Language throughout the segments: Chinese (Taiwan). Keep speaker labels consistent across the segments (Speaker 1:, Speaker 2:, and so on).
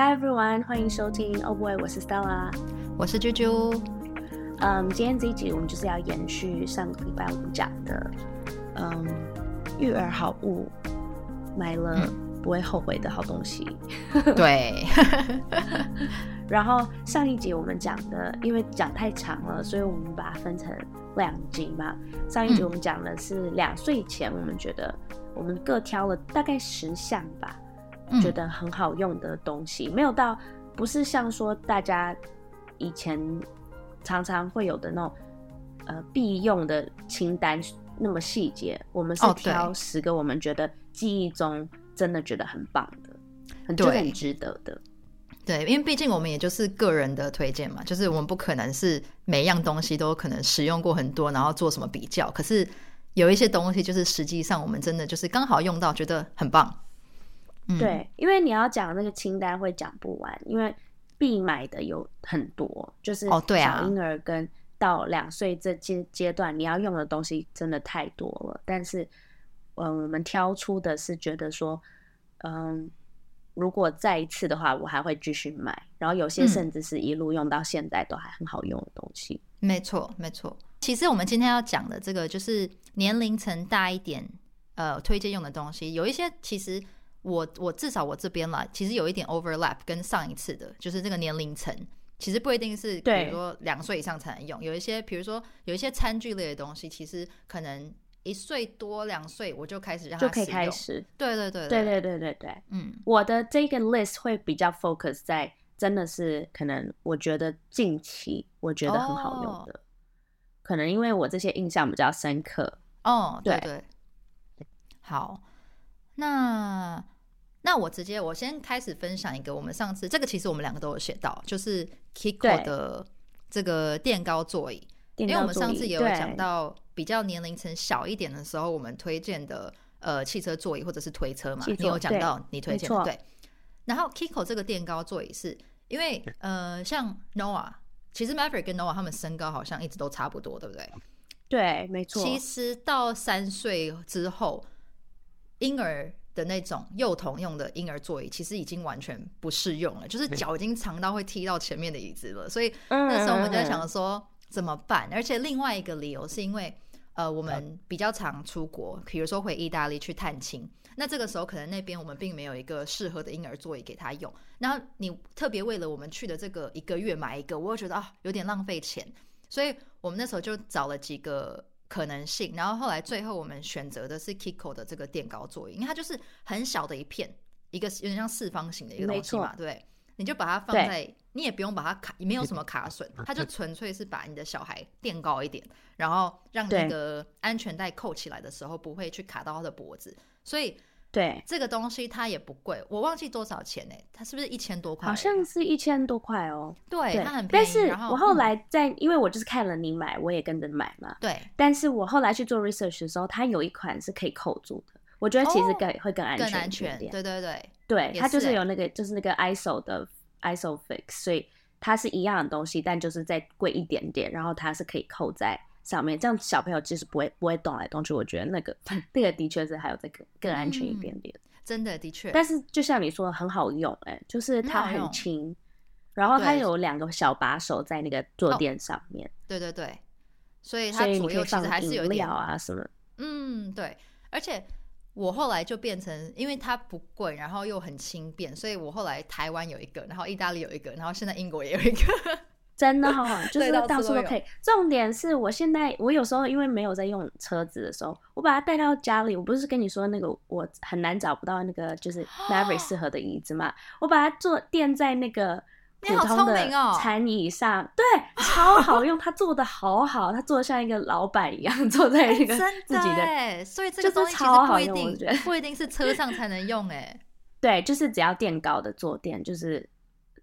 Speaker 1: Hi everyone，歡迎收聽《Oh Boy》，我是 Stella，我是啾啾。嗯，um, 今天這一集我們就是要延續上個禮拜我們講的，嗯，um, 育兒好物，買了不會後悔的好東西。 對。 然後上一集我們講的，因為講太長了，所以我們把它分成兩集嘛。上一集我們講的是兩歲前，嗯、我們覺得我們各挑了大概十項吧。覺得很好用的東西，嗯、沒有到不是像說大家以前常常會有的那種呃必用的清單那麼細節。我們是挑十個我們覺得記憶中真的覺得很棒的，哦、很很值得的對。
Speaker 2: 對，因為畢竟我們也就是個人的推薦嘛，就是我們不可能是每樣東西都可能使用過很多，然後做什麼比較。可是有一些東西就是實際上我們真的就是剛好用到，覺得很棒。嗯、對，
Speaker 1: 因為你要講那個清單會講不完，因為必買的有很多，就是哦，對啊，小嬰兒跟到兩歲這階階段，你要用的東西真的太多了。但是，嗯，我們挑出的是覺得說，嗯，如果再一次的話，我還會繼續買。然後有些甚至是一路用到現在都還很好用的東西。嗯、
Speaker 2: 沒錯，沒錯。其實我們今天要講的這個就是年齡層大一點，呃，推薦用的東西，有一些其實。我我至少我這邊啦，其實有一點 overlap 跟上一次的，就是這個年齡層，其實不一定是比如說兩歲以上才能用，對有一些比如說有一些餐具類的東西，其實可能一歲多兩歲我就開始讓他就可以開始，對對對對對
Speaker 1: 對對對，對對對對嗯，我的這個 list 會比較 focus 在真的是可能我覺得近期我覺得很好用的，oh、可能因為我這些印象比較深刻，哦、oh, 對，對，對對，好。
Speaker 2: 那那我直接我先開始分享一個，我們上次這個其實我們兩個都有寫到，就是 Kiko 的這個墊高座椅，對因為我們上次也有講到比較年齡層小一點的時候，我們推薦的對呃汽車座椅或者是推車嘛，座你有講到你推薦的對，對。然後 Kiko 這個墊高座椅是因為呃像 Noah，其實 Maverick 跟 Noah 他們身高好像一直都差不多，對不對？
Speaker 1: 對，沒錯。其實
Speaker 2: 到三歲之後。嬰兒的那種幼童用的嬰兒座椅，其實已經完全不適用了，就是腳已經長到會踢到前面的椅子了。所以那時候我們就在想說怎麼辦？嗯嗯嗯嗯、而且另外一個理由是因為，呃，我們比較常出國，嗯、比如說回意大利去探親，那這個時候可能那邊我們並沒有一個適合的嬰兒座椅給他用。那你特別為了我們去的這個一個月買一個，我覺得啊有點浪費錢。所以我們那時候就找了幾個。可能性，然後後來最後我們選擇的是 Kiko 的這個墊高座椅，因為它就是很小的一片，一個有點像四方形的一個東西嘛，錯對，你就把它放在，對你也不用把它卡，也沒有什麼卡榫，它就純粹是把你的小孩墊高一點，然後讓那個安全帶扣起來的時候對不會去卡到他的脖子，所以。對這個東西它也不貴，我忘記多少錢呢、欸？它是不是一千多塊？好
Speaker 1: 像是一千多塊哦。對，對它很便宜。但是，我後來在、嗯、因為我就是看了你買，我也跟着買嘛。對。但是我後來去做 research 的時候，它有一款是可以扣住的。我覺得其實更、哦、會更安全，更安全一點，點。
Speaker 2: 對對對，對，是它就是有那
Speaker 1: 個就是那個 ISO 的 ISO fix，所以它是一樣的東西，但就是再貴一點點，然後它是可以扣在。上面這樣，小朋友其實不會不會動來動去，我覺得那個 那個的確是還有這個更安全一點點，嗯、
Speaker 2: 真的的確。但是
Speaker 1: 就像你說的很好用哎、欸，就是它很輕，很然後它有兩個小把手在那個坐墊上面
Speaker 2: 對、哦，對對對，所以所以你可以放飲料啊什麼，嗯對，而且我後來就變成因為它不貴，然後又很輕便，所以我後來台灣有一個，然後意大,大利有一個，然後現在英國也有一個。
Speaker 1: 真的好好， 對就是到處都可以。重點是我現在，我有時候因為沒有在用車子的時候，我把它帶到家裡。我不是跟你說那個我很難找不到那個就是 very 適合的椅子嘛。我把它坐墊在那個普通的餐椅上，你好聰明哦， 對，超好用。它坐得好好，它坐得像一個老闆一樣坐在一個自己的，
Speaker 2: 對，欸，真的，所以這個東西其實不一定，不一定是車上才能用。哎，
Speaker 1: 對，就是只要墊高的坐墊，就是。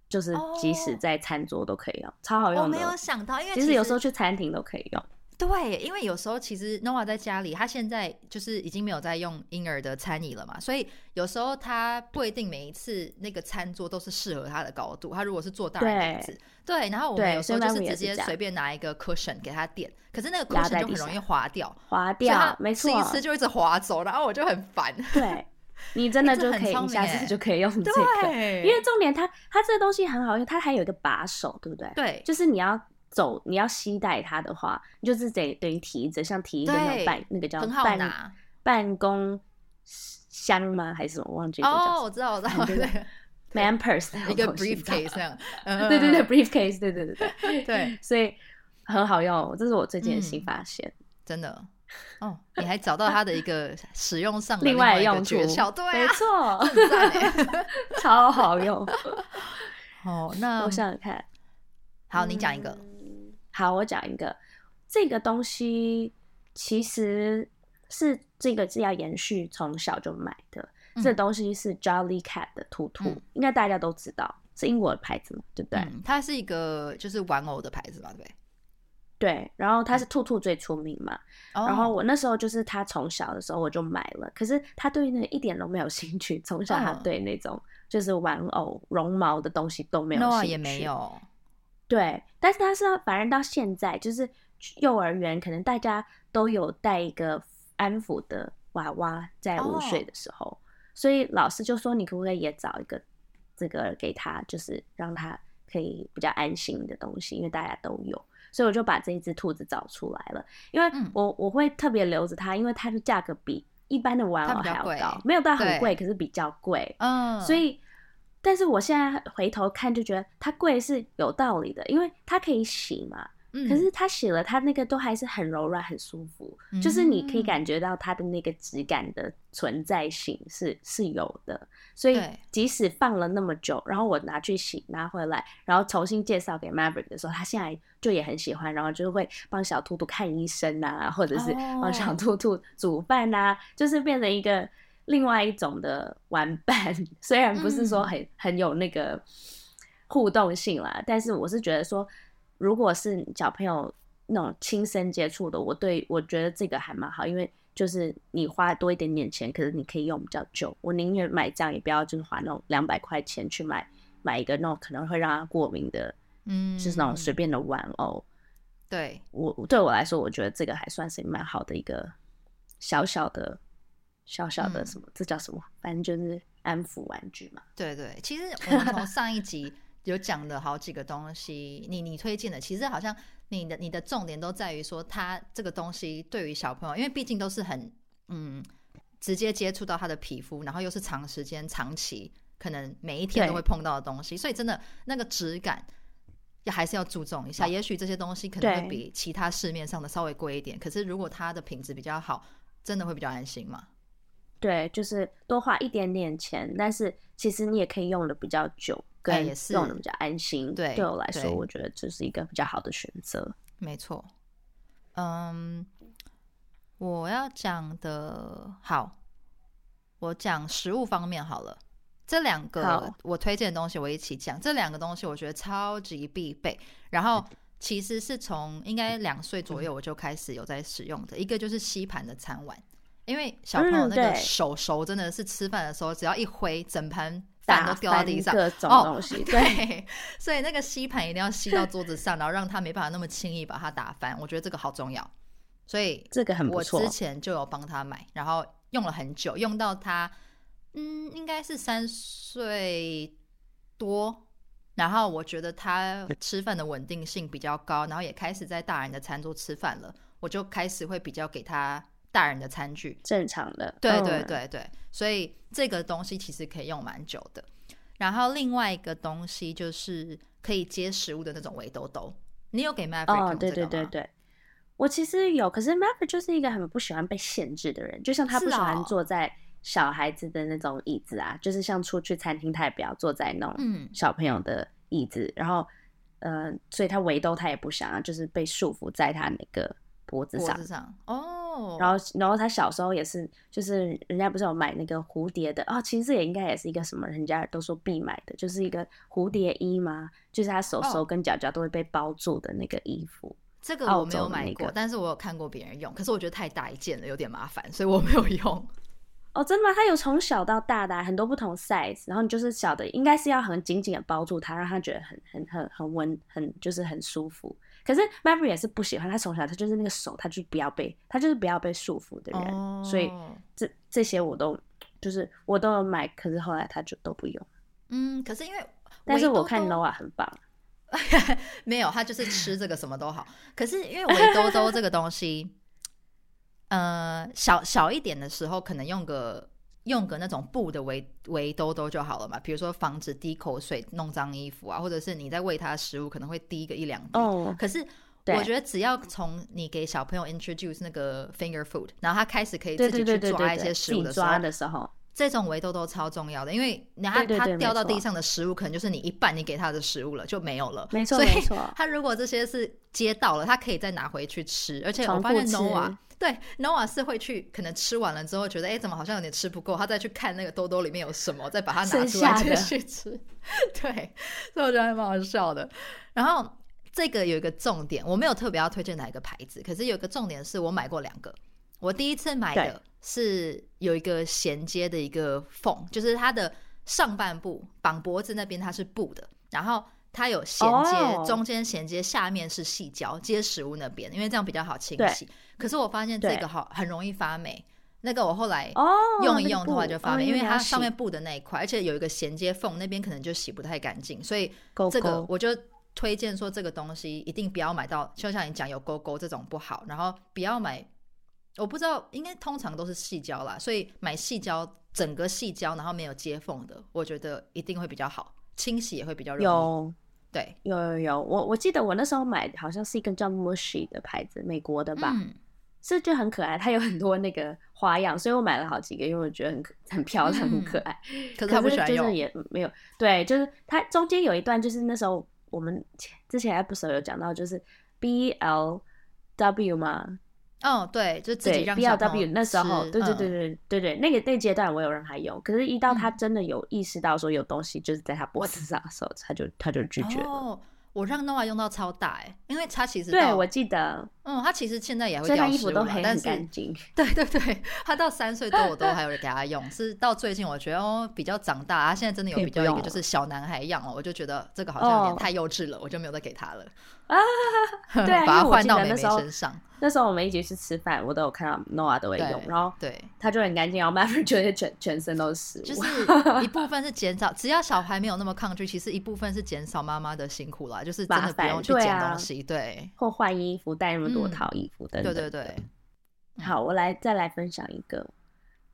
Speaker 1: 就是即使在餐桌都可以用，oh, 超好用的。我、哦、沒有想到，因為其實，其實有時候去餐廳都可以用。
Speaker 2: 對，因為有時候其實 Noah 在家裡，他現在就是已經沒有在用嬰兒的餐椅了嘛，所以有時候他不一定每一次那個餐桌都是適合他的高度。他如果是坐大人椅子，對，對，然後我們有時候就是直接隨便拿一個 cushion 給他墊，對是可是那個 cushion 就很容易滑
Speaker 1: 掉，滑掉，沒錯，吃一吃就一直滑走，錯然後我就很煩。對。你真的就可以一下子就可以用這個，因為重點它它這個東西很好用，它還有一個把手，對不對？對，就是你要走，你要攜帶它的話，就是得等於提着，像提一個那種辦那個叫辦公箱嗎？還是什麼？我忘記哦，我知道
Speaker 2: 我知道，對對
Speaker 1: ，man purse 一個 briefcase 那樣對對對 briefcase，對對對對，所以很好用，這是我最近的新發
Speaker 2: 現，真的。 哦，你還找到它的一個使用上的另外一個訣竅，啊，沒錯錯，
Speaker 1: 超好用。 哦，那我想想看，好，嗯、你講一個，好，我講一個。這個東西其實是這個是要延續從小就買的，嗯、這個東西是 Jolly Cat 的兔兔，嗯、應該大家都知道是英國的牌子嘛，對不對，嗯？它
Speaker 2: 是一個就是玩偶的牌子嘛，對不對？
Speaker 1: 對，然後他是兔兔最出名嘛，嗯、然後我那時候就是他從小的時候我就買了，oh. 可是他對那一點都沒有興趣，從小他對那種就是玩偶絨毛的東西都沒有興趣，no, 也沒有。對，但是他是反正到現在就是幼兒園，可能大家都有帶一個安撫的娃娃在午睡的時候，oh. 所以老師就說你可不可以也找一個這個給他，就是讓他可以比較安心的東西，因為大家都有。所以我就把這一只兔子找出來了，因為我、嗯、我會特別留着它，因為它的價格比一般的玩偶還要高，沒有到很貴，對可是比較貴，嗯、所以，但是我現在回頭看就覺得它貴是有道理的，因為它可以洗嘛。可是他洗了，他那個都還是很柔軟、很舒服，嗯、就是你可以感覺到它的那個質感的存在性是是有的。所以即使放了那麼久，然後我拿去洗，拿回來，然後重新介紹給 Maverick 的時候，他現在就也很喜歡，然後就會幫小兔兔看醫生啊，或者是幫小兔兔煮飯啊，哦、就是變成一個另外一種的玩伴。雖然不是說很很有那個互動性啦，嗯、但是我是覺得說。如果是小朋友那種親身接觸的，我對我覺得這個還蠻好，因為就是你花多一點點錢，可是你可以用比較久。我寧願買這樣，也不要就是花那種兩百塊錢去買買一個那種可能會讓他過敏的，嗯，就是那種隨便的玩偶。對，我對我來說，我覺得這個還算是蠻好的一個小小的小小的什麼，嗯，這叫什麼？反正就是安撫玩具嘛。
Speaker 2: 對對，其實我們從上一集。 有講了好幾個東西，你你推薦的，其實好像你的你的重點都在於說，它這個東西對於小朋友，因為畢竟都是很嗯直接接觸到他的皮膚，然後又是長時間、長期，可能每一天都會碰到的東西，對所以真的那個質感，要還是要注重一下。對也許這些東西可能會比其他市面上的稍微貴一點，對可是如果它的品質比較好，真的會比較安心嘛。
Speaker 1: 對，就是多花一點點錢，但是其實你也可以用得比較久，也是用得比較安心。哎、對，對我來說，對對我覺得這是一個比較好的選擇。
Speaker 2: 沒錯。嗯、um,，我要講的，好，我講食物方面好了。這兩個我推薦的東西，我一起講。好這兩個東西我覺得超級必備。然後，其實是從應該兩歲左右我就開始有在使用的，嗯、一個就是吸盤的餐碗。因為小朋友那個手手真的是吃飯的時候，只要一揮，整盤飯都掉到地上。哦，東西對，所以那個吸盤一定要吸到桌子上， 然後讓他沒辦法那麼輕易把它打翻。我覺得這個好重要，所以這個很不錯。我之前就有幫他買，然後用了很久，用到他嗯應該是三歲多，然後我覺得他吃飯的穩定性比較高，然後也開始在大人的餐桌吃飯了，我就開始會比較給他大人的餐具正常的，對對對對，嗯、所以這個東西其實可以用蠻久的。然後另外一個東西就是可以接食物的那種圍兜兜，你有給 Maverick 嗎？對對對
Speaker 1: 對，我其實有，可是 Maverick 就是一個很不喜歡被限制的人，就像他不喜歡坐在小孩子的那種椅子啊，是哦、就是像出去餐廳，他也不要坐在那種小朋友的椅子。嗯、然後，呃，所以他圍兜他也不想要，就是被束縛在他那個。脖子上，
Speaker 2: 哦，oh. 然
Speaker 1: 後，然後他小時候也是，就是人家不是有買那個蝴蝶的哦。其實也應該也是一個什麼，人家都說必買的，就是一個蝴蝶衣嘛，就是他手手跟腳腳都會被包住的那個衣服。
Speaker 2: 這個、oh. 我沒有買過，但是我有看過別人用，可是我覺得太大一件了，有點麻煩，所以我沒有用。
Speaker 1: 哦，真的嗎？它有從小到大的、啊、很多不同 size，然後你就是小的，應該是要很緊緊的包住它，讓他覺得很很很很溫，很，很，很，很就是很舒服。可是 Mary 也是不喜歡，他從小他就是那個手，他就不要被他就是不要被束縛的人，oh. 所以這這些我都就是我都有買，可是後來他就都不用。
Speaker 2: 嗯，可是因為
Speaker 1: 但是我看 Noah 很棒，
Speaker 2: 沒有他就是吃這個什麼都好， 可是因為圍兜
Speaker 1: 兜這個東西，
Speaker 2: 呃，小小一點的時候可能用個。用個那種布的圍圍兜兜就好了嘛，比如說防止滴口水弄髒衣服啊，或者是你在餵他食物，可能會滴個一兩滴。哦，oh, 可是我覺得只要從你給小朋友 introduce 那個 finger food，然後他開始可以自己去抓一些食物的時候，對對對對對對這種圍兜兜超重要的，因為然後它，它掉到地上的食物，對對對，可能就是你一半你給它的食物了就沒有了。沒錯，所以沒錯它如果這些是接到了，它可以再拿回去吃。而且我發現 Nova、ah, 對 Nova 是會去，可能吃完了之後覺得哎，怎麼好像有點吃不夠，他再去看那個兜兜裡面有什麼，再把它拿出來繼續吃。 對，所以我覺得還蠻好笑的。然後這個有一個重點，我沒有特別要推薦哪一個牌子，可是有一個重點是我買過兩個。我第一次買的是有一個銜接的一個縫，對就是它的上半部綁脖子那邊，它是布的，然後它有銜接，哦、中間銜接下面是矽膠，接食物那邊，因為這樣比較好清洗。對可是我發現這個好對很容易發霉，那個我後來用一用的話就發霉，哦那個、因為它上面布的那一塊，哦、而且有一個銜接縫，那邊可能就洗不太乾淨，所以這個我就推薦說這個東西一定不要買到，就勾像你講有勾勾這種不好，然後不要買。我不知道，應該通常都是矽膠啦，所以買矽膠，整個矽膠，然後沒有接縫的，我覺得一定會比較好，清洗也會比較容易。有，
Speaker 1: 對，有有有，我我記得我那時候買好像是一個叫 Moshi 的牌子，美國的吧，嗯、是就很可愛，它有很多那個花樣，所以我買了好幾個，因為我覺得很很漂亮，很可愛，嗯。可是他不喜歡用。可是就是也沒有，對，就是它中間有一段，就是那時候我們前之前 episode 有講到，就是 B L W 嘛。
Speaker 2: 哦，對，就自己讓對 B L W 那時候，對對、嗯、對對
Speaker 1: 對對，那個那個、階段我有讓他用，可是一到他真的有意識到說有東西就是在他脖子上的時候，他就他就拒絕哦，
Speaker 2: 我讓 Noah 用到超大哎，因為他其實對我記得，嗯，他其實現在也會掉衣服都很，很乾
Speaker 1: 淨。對對
Speaker 2: 對，他到三歲多我都還有人給他用， 是到最近我覺得哦比較長大，他現在真的有比較一個就是小男孩一樣哦，我就覺得這個好像有點太幼
Speaker 1: 稚了，oh. 我就沒有再給他了。
Speaker 2: 啊，對啊， 因為我記得那時
Speaker 1: 候， 那時候我們一起去吃飯，我都有看到 Noah 都會用，對然後對，她就很乾淨，然後媽媽覺得全全身都是，就
Speaker 2: 是一部分是減少， 只要小孩沒有那麼抗拒，其實一部分是減少媽媽的辛苦
Speaker 1: 啦，就是真的不用去撿東西，煩對啊、對，或換衣服，帶那麼多套衣服，嗯、等等的，對對對。好，我來再來分享一個，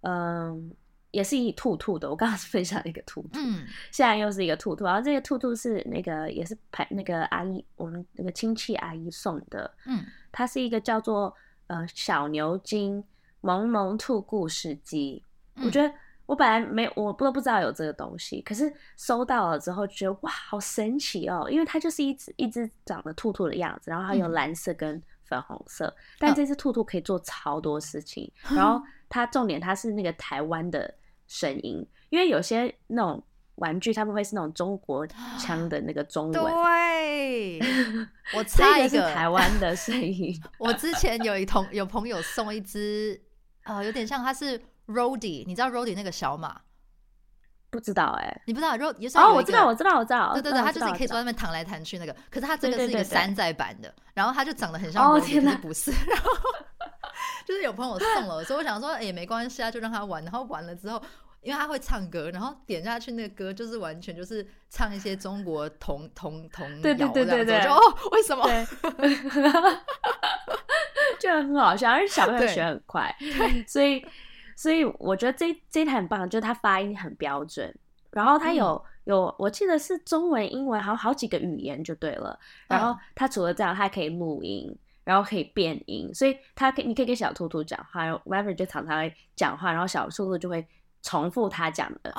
Speaker 1: 嗯。也是一兔兔的，我剛剛是分享了一個兔兔，嗯、現在又是一個兔兔，然後這個兔兔是那個也是排那個阿姨，我們那個親戚阿姨送的，嗯，它是一個叫做呃小牛津萌萌兔故事機，嗯、我覺得我本來沒我都不不知道有這個東西，可是收到了之後覺得哇好神奇哦，因為它就是一隻一隻長得兔兔的樣子，然後還有藍色跟粉紅色，嗯、但這隻兔兔可以做超多事情，哦、然後它重點它是那個台灣的。聲音，因為有些那種玩具，它不會是那種中國腔的那個中文。
Speaker 2: 對，我猜一、個一個是台灣
Speaker 1: 的聲音。 我之前有一同
Speaker 2: 有朋友送一隻，呃、 哦，有點像他是 Rody，你知道 Rody 那個小馬？
Speaker 1: 不知道哎，欸，你不
Speaker 2: 知道 Rody？哦，我知道，我知道，我知道。對對對，嗯、他就是你可以坐上面彈來彈去那個。可是它這個對對對對是一個山寨版的，然後它就長得很像 Rody，哦。哦天哪，不是。然後就是有朋友送了，所以我想說，哎，沒關係啊，就讓他玩。然後玩了之後。因為他會唱歌，然後點下去那個歌就是完全就是唱一些中國童童童謠這樣子，就哦
Speaker 1: 為什麼？對 就很好笑，而且小朋友對學很快，對所以所以我覺得這這一台很棒，就是他發音很標準，然後他有、嗯、有我記得是中文、英文，還有好幾個語言就對了。然後他除了這樣，他還可以錄音，然後可以變音，所以它可以你可以跟小兔兔講話，Viper w 就常常會講話，然後小兔兔就會。重複他講的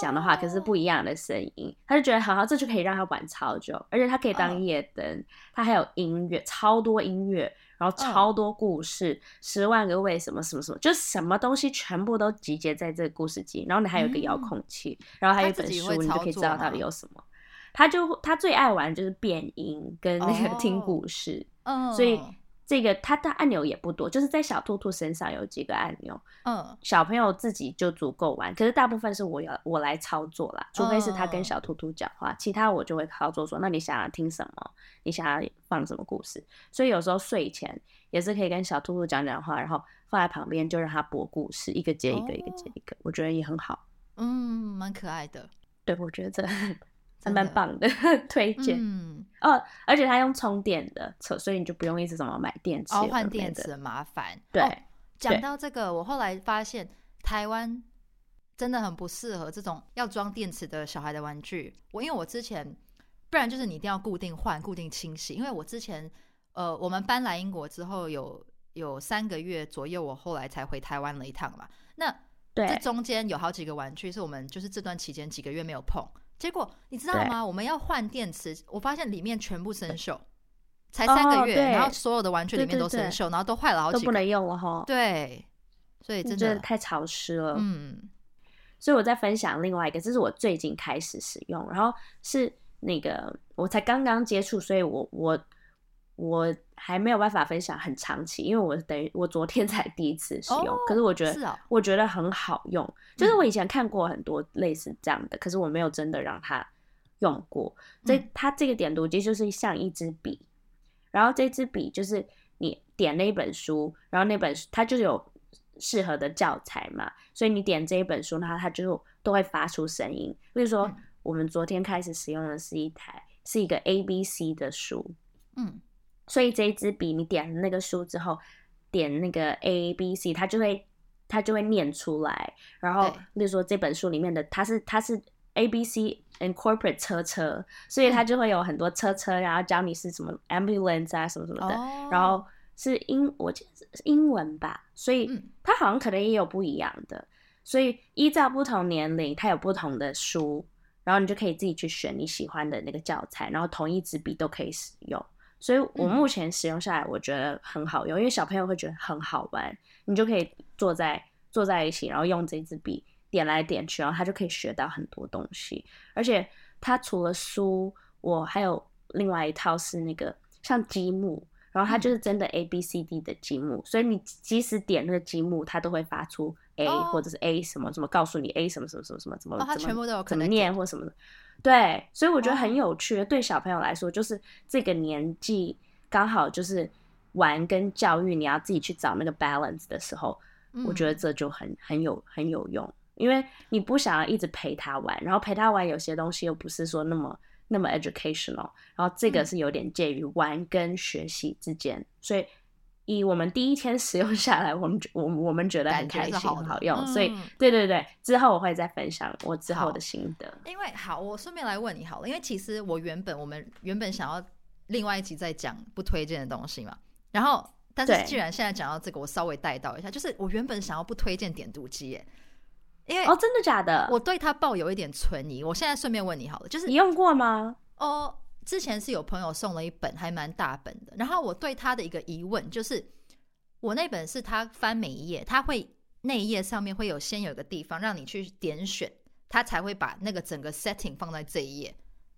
Speaker 1: 講的話，可是不一樣的聲音，oh. 他就覺得好好，這就可以讓他玩超久，而且他可以當夜燈，oh. 他還有音樂，超多音樂，然後超多故事，oh. 十萬個為什麼什麼什麼，就什麼東西全部都集結在這個故事機，然後你還有個遙控器，嗯、然後還有一本書，你就可以知道到底有什麼。他就他最愛玩的就是變音跟那個聽故事，oh. Oh. 所以。這個它的按鈕也不多，就是在小兔兔身上有幾個按鈕，嗯，oh. 小朋友自己就足夠玩。可是大部分是我要我來操作啦，除非是他跟小兔兔講話，oh. 其他我就會操作說，那你想要聽什麼？你想要放什麼故事？所以有時候睡前也是可以跟小兔兔講講話，然後放在旁邊就讓他播故事，一個接一個，oh. 一個接一個，我覺得也很好。嗯
Speaker 2: ，um, 蠻可愛的，
Speaker 1: 對我覺得。 還蠻棒的推薦，哦，而且它用充電的車，所以你就不用一直怎麼買電池哦。換電池麻煩。對，哦，講到
Speaker 2: 這個，對 我後來發現台灣真的很不適合這種要裝電池的小孩的玩具。我因為我之前，不然就是你一定要固定換，固定清洗。因為我之前，呃，我們搬來英國之後有，有有三個月左右，我後來才回台灣了一趟嘛。那對 這中間有好幾個玩具是我們就是這段期間幾個月沒有碰。結果你知道嗎？對我們要換電池，我發現裡面全部生鏽，才三個月，oh, 對然後所有的玩具裡面都生鏽，對對對，然後都壞了好幾個都不能
Speaker 1: 用了哈。對，所以真的太潮濕了。嗯，所以我再分享另外一個，這是我最近開始使用，然後是那個我才剛剛接觸，所以我我。我還沒有辦法分享很長期，因為我等於我昨天才第一次使用，哦、可是我覺得是、哦、我覺得很好用，就是我以前看過很多類似這樣的，嗯、可是我沒有真的讓他用過。這它這個點讀機就是像一支筆，嗯、然後這支筆就是你點那一本書，然後那本書它就有適合的教材嘛，所以你點這一本書，然後它就都會發出聲音。比如說我們昨天開始使用的是一台是一個 A B C 的書，嗯。所以這一支筆，你點那個書之後，點那個 A B C，它就會它就會念出來。然後，例如說這本書裡面的它是它是 A B C incorporate 車車，所以它就會有很多車車，然後教你是什麼 ambulance 啊，什麼什麼的。然後是英，我記得是英文吧，所以它好像可能也有不一樣的。所以依照不同年齡，它有不同的書，然後你就可以自己去選你喜歡的那個教材，然後同一支筆都可以使用。所以，我目前使用下來，我覺得很好用，嗯，因為小朋友會覺得很好玩。你就可以坐在坐在一起，然後用這支筆點來點去，然後他就可以學到很多東西。而且，它除了書，我還有另外一套是那個像積木。然後它就是真的 A B C D 的積木，嗯、所以你即使點那個積木，它都會發出 A、哦、或者是 A 什麼什麼，告訴你 A 什麼什麼什麼什麼怎麼、哦、全部都有可能念或什麼的。對，所以我覺得很有趣。哦、對小朋友來說，就是這個年紀剛好就是玩跟教育你要自己去找那個 balance 的時候，我覺得這就很很有很有用，因為你不想要一直陪他玩，然後陪他玩有些東西又不是說那麼。那麼 educational，然後這個是有點介於玩跟學習之間，嗯、所以以我們第一天使用下來，我們我我們覺得很開心，好很好用，嗯、所以對對對，之後我會再分享我之後的心得。
Speaker 2: 因為好，我順便來問你好了，因為其實我原本我們原本想要另外一集再講不推薦的東西嘛，然後但是既然現在講到這個，對我稍微帶到一下，就是我原本想要不推薦點讀機耶。因為哦，真的假的？我對他抱有一點存疑。我現在順便問你好了，就是你用過嗎？哦，之前是有朋友送了一本，還蠻大本的。然後我對他的一個疑問就是，我那本是他翻每一頁，他會那一頁上面會有先有一個地方讓你去點選，他才會把那個整個 setting 放在這一頁。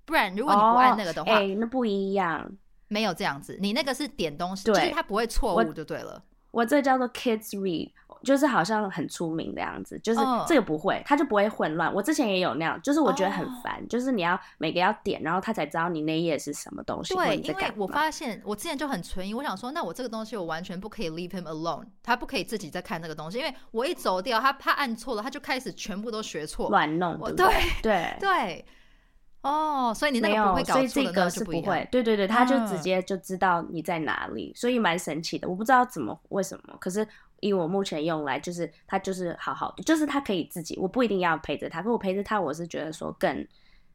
Speaker 2: 不然如果你不按那個的話，哎、哦欸，那不一樣。沒有這樣子，你那個是點東西，所以它不會錯誤就對了。
Speaker 1: 我，我這叫做 Kids Read。就是好像很出名的樣子，就是這個不會，它就不會混亂。我之前也有那樣，就是我覺得很煩，就是你要每個要點，然後他才知道你那一頁是什麼東西。對，因為我發
Speaker 2: 現我之前就很存疑，我想說，那我這個東西我完全不可以 leave him alone，他不可以自己在看這個東西，因為我一走掉，他怕按錯了，他就開始全部都學錯，亂
Speaker 1: 弄，對對對
Speaker 2: 對哦，所以你那個不會搞錯的，這個是不會。
Speaker 1: 對對對，他就直接就知道你在哪裡，所以蠻神奇的。我不知道怎麼為什麼，可是。因為我目前用來，就是他就是好好，就是他可以自己，我不一定要陪着他，可我陪着他，我是覺得說更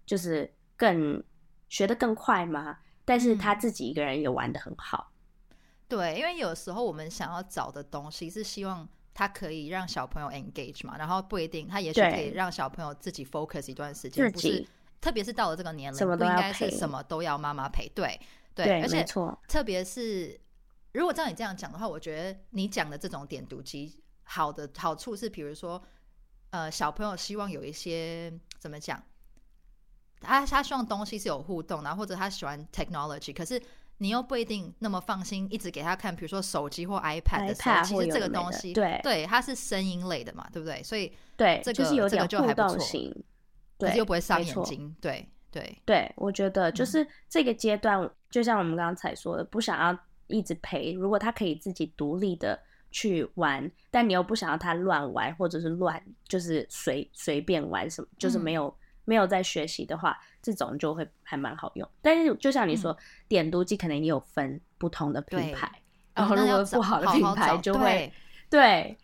Speaker 1: 就是更學得更快嘛。但是他自己一個人也玩得很好。嗯、
Speaker 2: 對，因為有時候我們想要找的東西是希望他可以讓小朋友 engage 嘛，然後不一定他也許可以讓小朋友自己 focus 一段時間，對不是，特別是到了這個年齡，不應該是什麼都要媽媽陪，對
Speaker 1: 對，對而且錯
Speaker 2: 特別是。如果照你這樣講的話，我覺得你講的這種點讀機好的好處是，比如說，呃，小朋友希望有一些怎麼講，他他希望東西是有互動，然後或者他喜歡 technology，可是你又不一定那麼放心一直給他看，比如說手機或 iPad 的時候，iPad 其實這個東西的的對對，它是聲音類的嘛，對不對？所以對，這個就是有這個就還不錯，
Speaker 1: 對，是又不會傷眼睛，沒錯，對對對，我覺得就是這個階段，嗯、就像我們剛才說的，不想要。一直陪，如果他可以自己獨立的去玩，但你又不想要他亂玩，或者是亂就是隨隨便玩什麼，嗯、就是沒有沒有在學習的話，這種就會還蠻好用。但是就像你說，嗯、點讀機可能你有分不同的品牌，對然後如果不好的品牌就會好好對，對，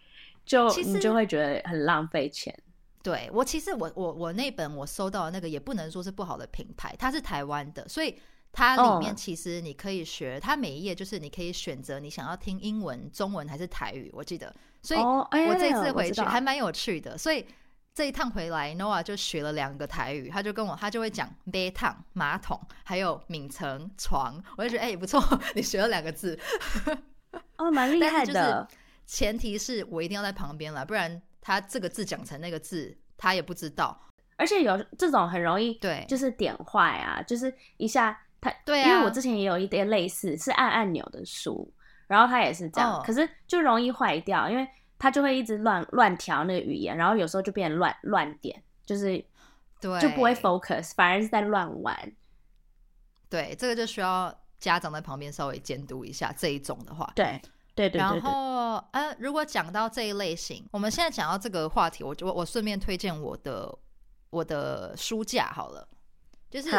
Speaker 1: 就其實你就會覺得很浪費錢。
Speaker 2: 對我其實我我我那本我收到的那個也不能說是不好的品牌，它是台灣的，所以。它裡面其實你可以學，oh. 它每一頁就是你可以選擇你想要聽英文、中文還是台語。我記得，所以我這次回去還蠻有趣的。Oh, yeah, yeah, yeah, yeah, 所以這一趟回來，Noah 就學了兩個台語，他就跟我他就會講 batang 馬桶，還有敏層床。我就覺得哎、欸，不錯，你學了兩個字，哦，蠻厲害的。是是前提是我一定要在旁邊了，不然他這個字講成那個字，他也不知
Speaker 1: 道。而且有這種很容易對，就是點壞啊，對就是一下。它對啊，因為我之前也有一些類似是按按鈕的書，然後它也是這樣，哦、可是就容易壞掉，因為它就會一直亂亂調那個語言，然後有時候就變亂亂點，就是對，就不會 focus，反而是在亂玩。
Speaker 2: 對，這個就需要家長在旁邊稍微監督一下這一種的話。對，對對對對。然後呃，如果講到這一類型，我們現在講到這個話題，我就我順便推薦我的我的書架好了。就是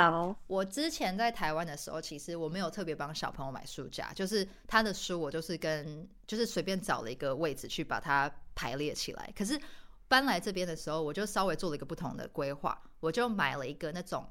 Speaker 2: 我之前在台灣的時候，其實我沒有特別幫小朋友買書架，就是他的書我就是跟就是隨便找了一個位置去把它排列起來。可是搬來這邊的時候，我就稍微做了一個不同的規劃，我就買了一個那種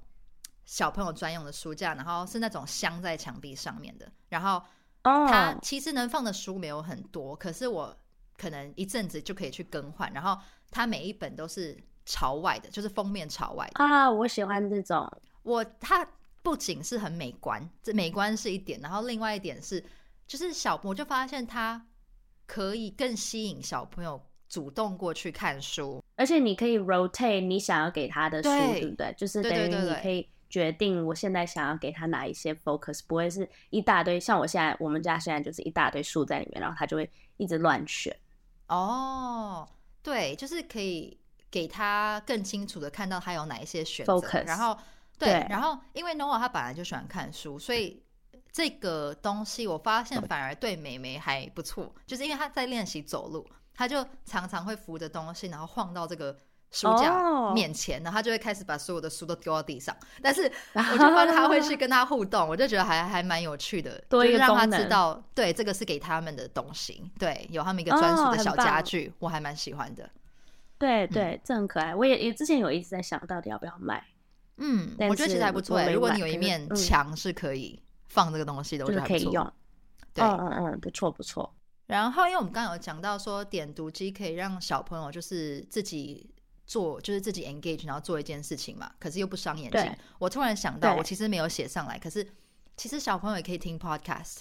Speaker 2: 小朋友專用的書架，然後是那種鑲在牆壁上面的。然後它其實能放的書沒有很多，可是我可能一陣子就可以去更換。然後它每一本都是朝外的，就是封面朝外的。啊，我喜歡這種。我它不僅是很美觀，這美觀是一點，然後另外一點是，就是小我就發現它可以更吸引小朋友主動過去看書，
Speaker 1: 而且你可以 rotate 你想要給他的書，對，對不對？就是等於你可以決定我現在想要給他哪一些 focus，不會是一大堆。像我現在我們家現在就是一大堆書在裡面，然後他就會一直亂選。
Speaker 2: 哦，對，就是可以給他更清楚地看到他有哪一些選擇，Focus 然後。對，然後因為 Noah 他本來就喜歡看書，所以這個東西我發現反而對美眉還不錯，就是因為他在練習走路，他就常常會扶着東西，然後晃到這個書架面前，哦、然後他就會開始把所有的書都丟到地上。但是我就發現他會去跟他互動，啊、我就覺得還還蠻有趣的，就是讓他知道，對，這個是給他們的東西，對，有他們一個專屬的小家具，哦、我還蠻喜歡的。對
Speaker 1: 對，對嗯、這很可愛，我也也之前有一直在想到底要不要買。嗯，但是我覺得其實還不錯哎。如果你有一面牆
Speaker 2: 是可以放這個東西的，嗯、我覺得還不錯，就是可以用。對，嗯嗯嗯，不錯不錯。然後，因為我們剛剛有講到說，點讀機可以讓小朋友就是自己做，就是自己 engage，然後做一件事情嘛，可是又不傷眼睛。對我突然想到，我其實沒有寫上來，對可是其實小朋友也可以聽 podcast，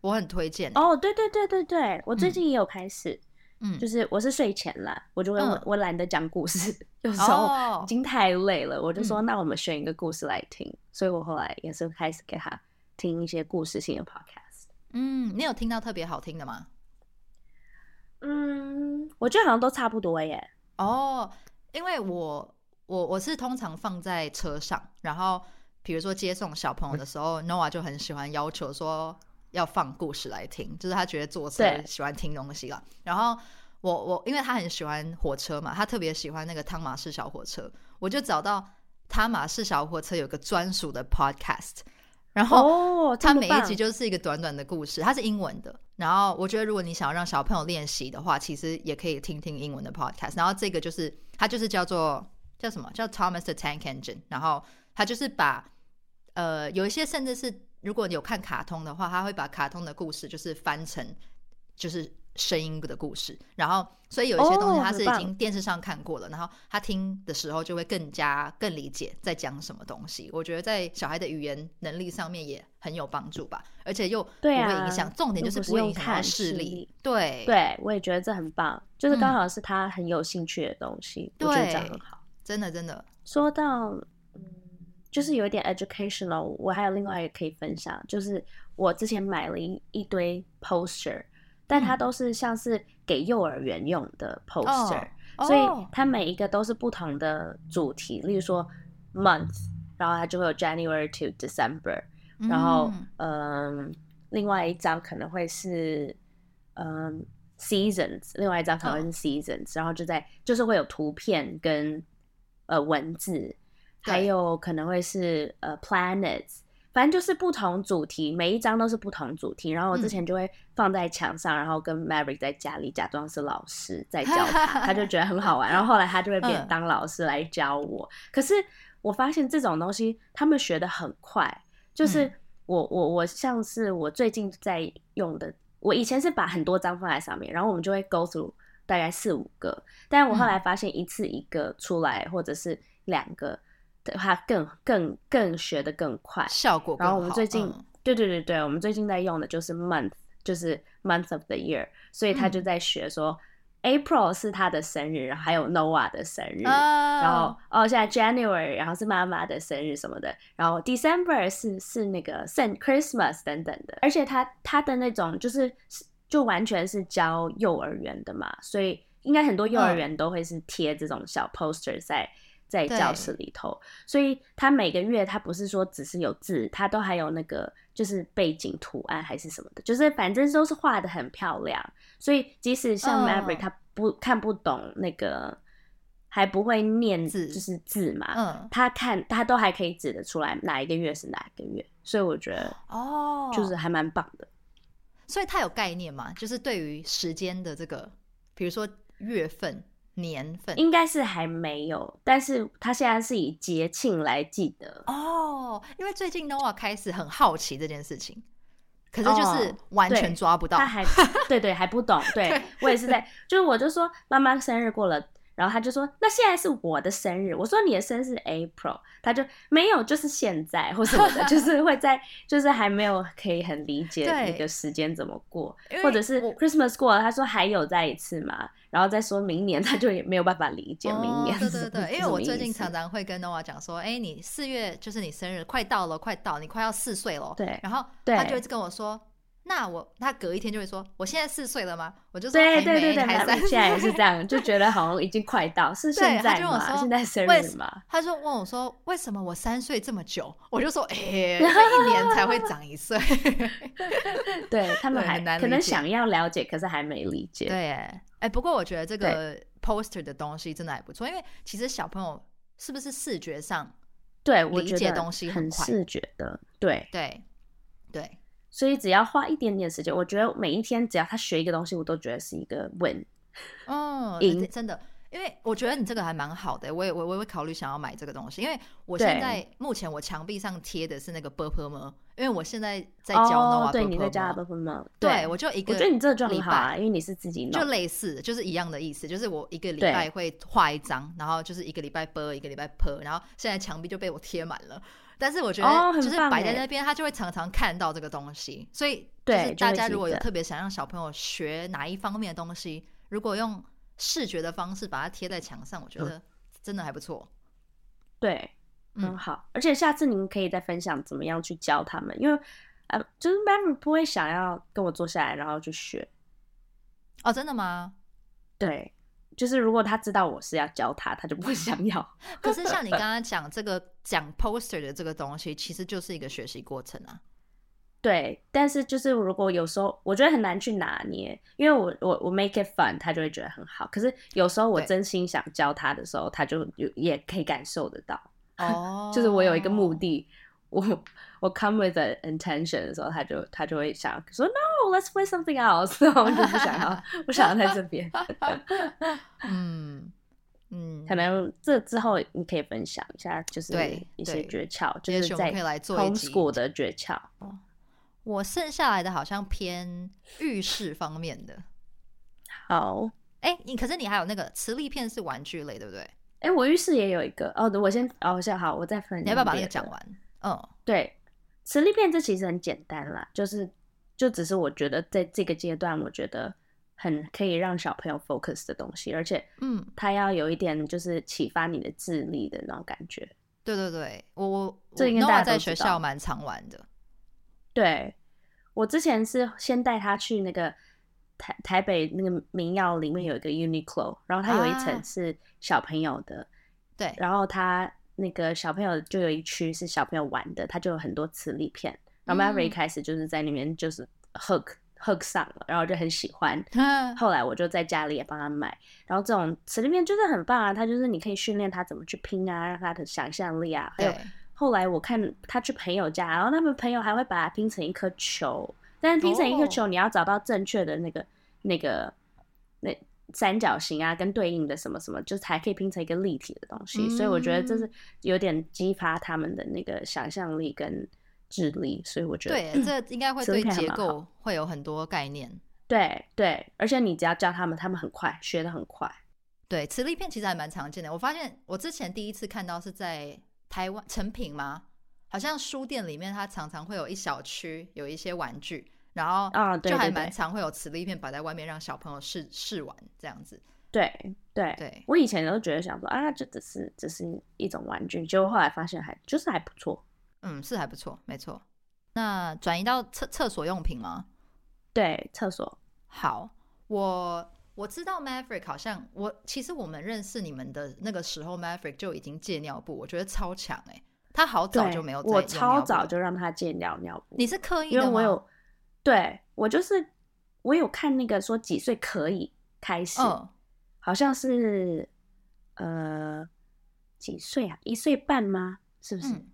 Speaker 1: 我很推薦哦。對對對對對，我最近也有開始。嗯嗯，就是我是睡前啦，我就會我懶得講故事，嗯、有時候已經太累了，哦、我就說、嗯、那我們選一個故事來聽。所以我後來也是開始給他聽一些故事性的 podcast。
Speaker 2: 嗯，你有聽到特別好聽的嗎？嗯，
Speaker 1: 我覺得好像都差不多耶。哦，因
Speaker 2: 為我我我是通常放在車上，然後比如說接送小朋友的時候 ，Noah 就很喜歡要求說。要放故事來聽，就是他覺得坐車喜歡聽東西了。對然後我我，因為他很喜歡火車嘛，他特別喜歡那個湯馬士小火車，我就找到湯馬士小火車有個專屬的 podcast，然後哦，他每一集就是一個短短的故事，它是英文的。然後我覺得，如果你想要讓小朋友練習的話，其實也可以聽聽英文的 podcast。然後這個就是它，就是叫做叫什麼叫 Thomas the Tank Engine，然後它就是把呃有一些甚至是。如果你有看卡通的話，他會把卡通的故事就是翻成，就是聲音的故事，然後所以有一些東西他是已經電視上看過了，哦、然後他聽的時候就會更加更理解在講什麼東西。我覺得在小孩的語言能力上面也
Speaker 1: 很有幫助吧，而且又不會影響，啊、重點就是不用看視力。對，對我也覺得這很棒，就是剛好是他很有興趣的東西，嗯、我覺得這樣很好，真的真的。說到。就是有一點 educational，我還有另外一個可以分享，就是我之前買了一一堆 poster，但它都是像是給幼兒園用的 poster，、mm. oh. oh. 所以它每一個都是不同的主題，例如說 month，然後它就會有 January to December，然後、mm. 嗯，另外一張可能會是嗯 seasons，另外一張可能是 seasons，、oh. 然後就在就是會有圖片跟呃文字。還有可能會是呃對、uh,，planets，反正就是不同主題，每一張都是不同主題。然後我之前就會放在牆上，嗯、然後跟 Maverick 在家裡假裝是老師在教他， 他就覺得很好玩。然後後來他就會變當老師來教我。嗯、可是我發現這種東西他們學的很快，就是我、嗯、我我像是我最近在用的，我以前是把很多張放在上面，然後我們就會 go through 大概四五個，但我後來發現一次一個出來，嗯、或者是兩個。話更更更學的更快，效果更好。然後我們最近，嗯、對對對對，我們最近在用的就是 month，就是 month of the year，所以他就在學說、嗯、April 是他的生日，然後還有 Noah 的生日，哦、然後哦現在 January，然後是媽媽的生日什麼的，然後 December 是是那個 Saint Christmas 等等的。而且他他的那種就是就完全是教幼兒園的嘛，所以應該很多幼兒園都會是貼這種小 poster 在嗯在教室裡頭，對所以他每個月他不是說只是有字，他都還有那個就是背景圖案還是什麼的，就是反正都是畫的很漂亮。所以即使像 Maverick 他不，嗯、他看不懂那個，還不會念字，就是字嘛，嗯、他看他都還可以指得出來哪一個月是哪一個月。所以我覺得
Speaker 2: 哦，就是還
Speaker 1: 蠻棒的。哦，
Speaker 2: 所以他有概念嗎？就是對於時間的這
Speaker 1: 個，比如說月份。年份應該是還沒有，但是他現在是以節慶來記得哦，因為最近 Nova 開始很好奇這件事情，可是就是完全抓不到，哦，對，他還 對對，對還不懂，對我也是在， 就是我就說，媽媽生日過了。然後他就說：“那現在是我的生日。”我說：“你的生日 April。”他就沒有，就是現在或什麼的， 就是會在，就是還沒有可以很理解那個時間怎麼過，或者是 Christmas 過了，他說還有再一次嘛，然後再說明年，他就也沒有辦法理解明年。對對對，因為我最近常
Speaker 2: 常會跟 Noah 講說：“哎， 你四月就是你生日快到了，快到你快要四歲了。”對，然後他就一直跟我說。那我他隔一天就會說，我現在四歲了嗎？我就說對，沒對對對，孩子現在也是這樣，
Speaker 1: 就覺得好像已經快到四歲了嘛？現在三歲嘛？他就問
Speaker 2: 我說，為，問我說為什麼我三歲這麼久？我就說哎，一年才會長
Speaker 1: 一歲。 對他們還 很難可能想要了解，可是還沒理解。對，
Speaker 2: 哎，不過我覺得這個 poster 的東西真的還不錯，對因為其實小朋友是不是視覺上理
Speaker 1: 解對我覺得東西很視覺的？對對對。對所以只要花一點點時間，我覺得每一天只要他學一個東西，我都覺得是一個 win。哦贏，真的，因為我覺得你這個還蠻好的，我也我我會考慮
Speaker 2: 想要買這個東西，因為我現在對目前我牆壁上貼的是那個 ㄅㄆㄇ 因為我現
Speaker 1: 在在教諾瓦 ㄅㄆㄇ 對，我就一個，我覺得你這個狀態好啊，因為你是自己弄就
Speaker 2: 類似就是一樣的意思，就是我一個禮拜會畫一張，對然後就是一個禮拜潑一個禮拜潑，然後現在牆壁就被我貼滿了。但是我覺得，就是擺在那邊，他就會常常看到這個東西。哦、所以，就是大家如果有特別想讓小朋友學哪一方面的東西，如果用視覺的方式把它貼在牆上，嗯、我覺得真的還不錯。
Speaker 1: 對，嗯，嗯，好。而且下次你可以再分享怎麼樣去教他們，因為啊、呃，就是媽媽不會想要跟我坐下來然後去學。哦，真的嗎？對。就是如果他知道我是要教他，他就不會想要。 可是
Speaker 2: 像你剛剛講這個講 poster 的這個東西，其實就是一個學習過程啊。
Speaker 1: 對，但是就是如果有時候我覺得很難去拿捏，因為我我我 make it fun，他就會覺得很好。可是有時候我真心想教他的時候，對他就有，也可以感受得到。哦，oh. 就是我有一個目的，我。我 come with an intention 的時候，他就他就會想說，No，let's play something else，我就不想要 不想要在這邊、 嗯。嗯嗯，可能這之後你可以分享一下，就是一些訣竅，就是在 home school 的訣竅。我，
Speaker 2: 好我剩下來的好像偏浴室方面的。
Speaker 1: 好，
Speaker 2: 哎、欸，你可是你還有那個磁力片是玩具類，對不對？
Speaker 1: 哎、欸，我浴室也有一個。哦，我先哦，先好，我再分。你要不要把那個講完？嗯，對。磁力片這其實很簡單啦，就是就只是我覺得在這個階段，我覺得很可以讓小朋友 focus 的東西，而且，嗯，他要有一點就是啟發你的智力的那種感覺。
Speaker 2: 對對對，我我，這應該大家在學校蠻
Speaker 1: 常玩的。對，我之前是先帶他去那個台台北那個明曜裡面有一個 Uniqlo，然後他有一層是小朋友的，啊、對，然後他，那個小朋友就有一區是小朋友玩的，他就有很多磁力片，嗯、然後 Mary 一開始就是在裡面就是 hook hook 上了，然後就很喜歡。後來我就在家裡也幫他買，然後這種磁力片就是很棒啊，他就是你可以訓練他怎麼去拼啊，讓他的想象力啊。對還有後來我看他去朋友家，然後他們朋友還會把它拼成一顆球，但是拼成一顆球，你要找到正確的那個、哦、那個。三角形啊，跟對應的什麼什麼，就是還可以拼成一個立體的東西，嗯哼，所以我覺得這是有點激發他們的那個想象力跟智力，所以我覺得對，嗯、這
Speaker 2: 應該會對結構
Speaker 1: 會有很多概念，對對，而且你只要教他們，他們很快學得很快。
Speaker 2: 對，磁力片其實還蠻常見的，我發現我之前第一次看到是在台灣誠品嗎？好像書店裡面它常常會有一小區有一些玩具。然
Speaker 1: 後啊，就還蠻常
Speaker 2: 會有磁力片擺在外面讓小朋友試試玩這樣子。對
Speaker 1: 對對，對對，我以前都覺得想說啊，這只是只是一種玩具，結果後來發現還就是還不錯。嗯，是還不錯，沒錯。
Speaker 2: 那轉移到廁廁所用品嗎？對，廁所。好，我我知道 Maverick 好像我其實我們認識你們的那個時候，Maverick 就已經戒尿布，我覺得超強哎、欸，他好早就沒有再用尿布。我超早
Speaker 1: 就讓他戒尿尿布。你是刻意，因為我有。對我就是，我有看那個說幾歲可以開始，哦、好像是呃幾歲啊，一歲半嗎？是不是？嗯、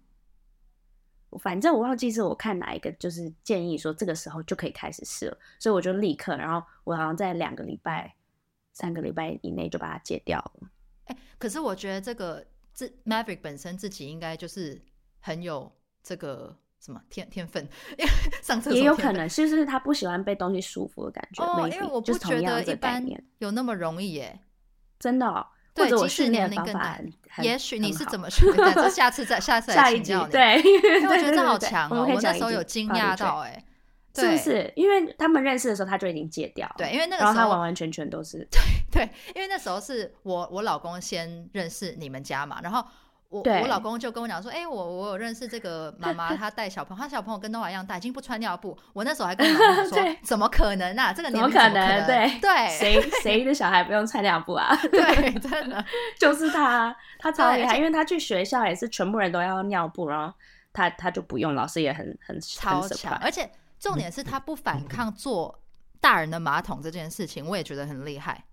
Speaker 1: 反正我忘記是我看哪一個，就是建議說這個時候就可以開始試了，所以我就立刻，然後我好像在兩個禮拜、三個禮拜以內就把它戒掉了。
Speaker 2: 哎、欸，可是我覺得這個自 Mavic 本身自己應該就是很有這個。什麼天天分？ 天分也有可能，
Speaker 1: 是不是他不喜歡被東西束縛的感覺？哦，因為我不覺得
Speaker 2: 一般有那麼容易耶，真的、哦。對，我訓練更難。也許你是
Speaker 1: 怎麼學的？就 下
Speaker 2: 次再，下次再請教你。對，因為我覺得這好強哦、喔，對對對對我，我那時候有驚訝到哎，對是不
Speaker 1: 是？因為他們認識的時候他就已經戒掉了，對，因為那個時候，然後他完完全全都是對
Speaker 2: 對，因為那時候是我我老公先認識你們家嘛，然後。我對我老公就跟我講說，哎、欸，我我有認識這個媽媽，她帶小朋友， 她小朋友跟諾、no、娃、ah、一樣大，已經不穿尿布。我那時候還跟老公說， 對怎麼可能啊？這個怎麼、啊、怎麼可能？對對，誰誰
Speaker 1: 的小孩不用穿尿布啊？ 對，真的 就是他，他超厲害，且因為他去學校也是全部人都要尿布，然後他他就不用，老師也很很超強，supp 而
Speaker 2: 且重點是他不反抗坐大人的馬桶這件事情， 我也覺得很厲
Speaker 1: 害。